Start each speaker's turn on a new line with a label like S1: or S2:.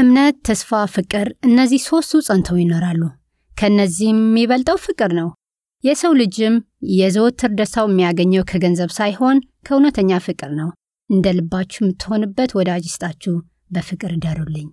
S1: እምነት፣ ተስፋ፣ ፍቅር እነዚህ ሦስቱ ጸንተው ይኖራሉ። ከእነዚህም የሚበልጠው ፍቅር ነው። የሰው ልጅም የዘወትር ደስታው የሚያገኘው ከገንዘብ ሳይሆን ከእውነተኛ ፍቅር ነው። እንደ ልባችሁ የምትሆንበት ወዳጅ ይስጣችሁ። በፍቅር ደሩልኝ።